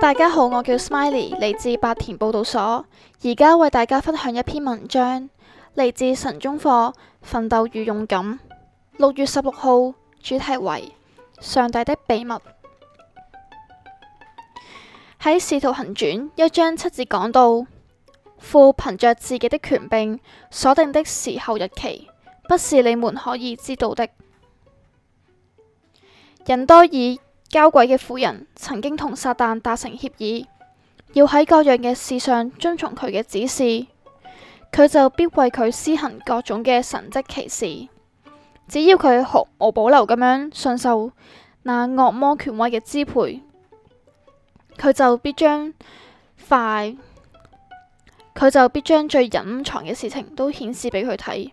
大家好，我叫 Smiley，嚟自白田報道所。而家為大家分享一篇文章，嚟自神中課《奮鬥與勇敢》。六月十六號，主題為上帝的秘密。喺《使徒行傳》一章七字講到。富憑着自己的權柄所定的時候日期，不是你們可以知道的。人多以交鬼嘅婦人曾經同撒旦達成協議，要喺各樣嘅事上遵從佢嘅指示，佢就必為佢施行各種嘅神蹟奇事，只要佢毫無保留咁樣順受那惡魔權威嘅支配，佢就必將快。佢就必將最隱藏嘅事情都顯示俾佢睇，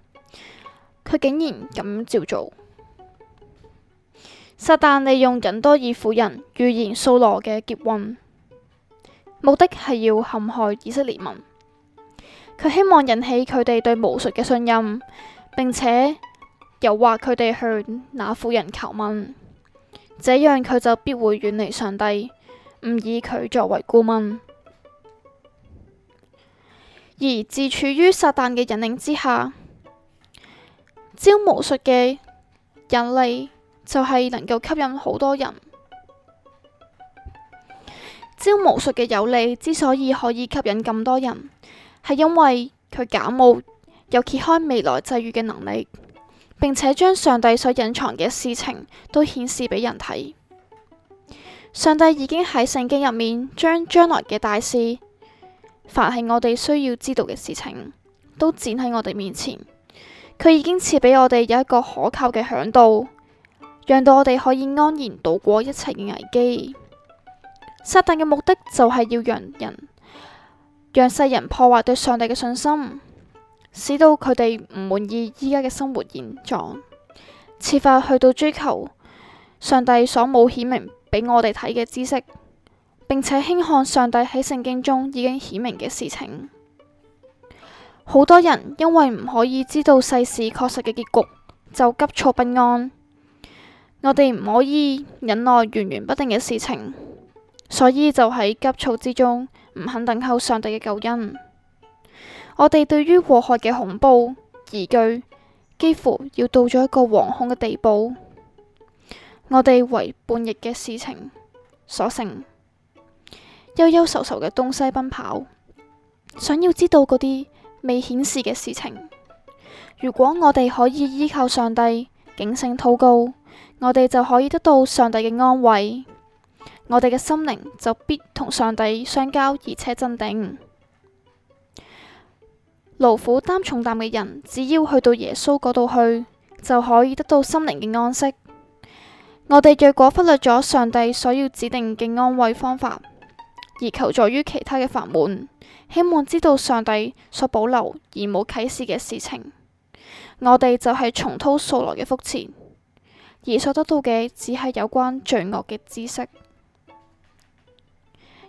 佢竟然咁照做。撒旦利用隱多珥婦人預言掃羅嘅劫運，目的係要陷害以色列民。佢希望引起佢哋對巫術嘅信任，並且誘惑佢哋向那婦人求問，這樣佢就必會遠離上帝，唔以佢作為顧問。而自處於撒旦嘅引領之下，招巫術嘅引力就係能夠吸引好多人。招巫術嘅有利之所以可以吸引咁多人，係因為佢假冒有揭開未來際遇嘅能力，並且將上帝所隱藏嘅事情都顯示俾人睇。上帝已經喺聖經入面將將來嘅大事。凡係我哋需要知道嘅事情，都展喺我哋面前。佢已經賜俾我哋有一個可靠嘅嚮導，讓到我哋可以安然度過一切嘅危機。撒旦嘅目的就係要讓人，讓世人破壞對上帝嘅信心，使到佢哋唔滿意依家嘅生活現狀，設法去到追求上帝所冇顯明俾我哋睇嘅知識，並且輕看上帝喺聖經中已經顯明嘅事情，好多人因為唔可以知道世事確實嘅結局，就急躁不安。我哋唔可以忍耐源源不定嘅事情，所以就喺急躁之中唔肯等候上帝嘅救恩。我哋對於禍害嘅恐怖疑懼，幾乎要到咗一個惶恐嘅地步。我哋為叛逆嘅事情所成。憂憂愁愁嘅東西奔跑，想要知道嗰啲未顯示嘅事情。如果我哋可以依靠上帝，警醒禱告，我哋就可以得到上帝嘅安慰。我哋嘅心靈就必同上帝相交，而且鎮定。勞苦擔重擔嘅人，只要去到耶穌嗰度去，就可以得到心靈嘅安息。我哋若果忽略咗上帝所要指定嘅安慰方法，而求助於其他嘅法門，希望知道上帝所保留而冇啟示嘅事情，我哋就係重蹈數來嘅覆轍，而所得到嘅只係有關罪惡嘅知識。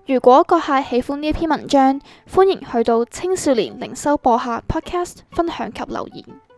如果閣下喜歡呢篇文章，歡迎去到青少年靈修播客 Podcast 分享及留言。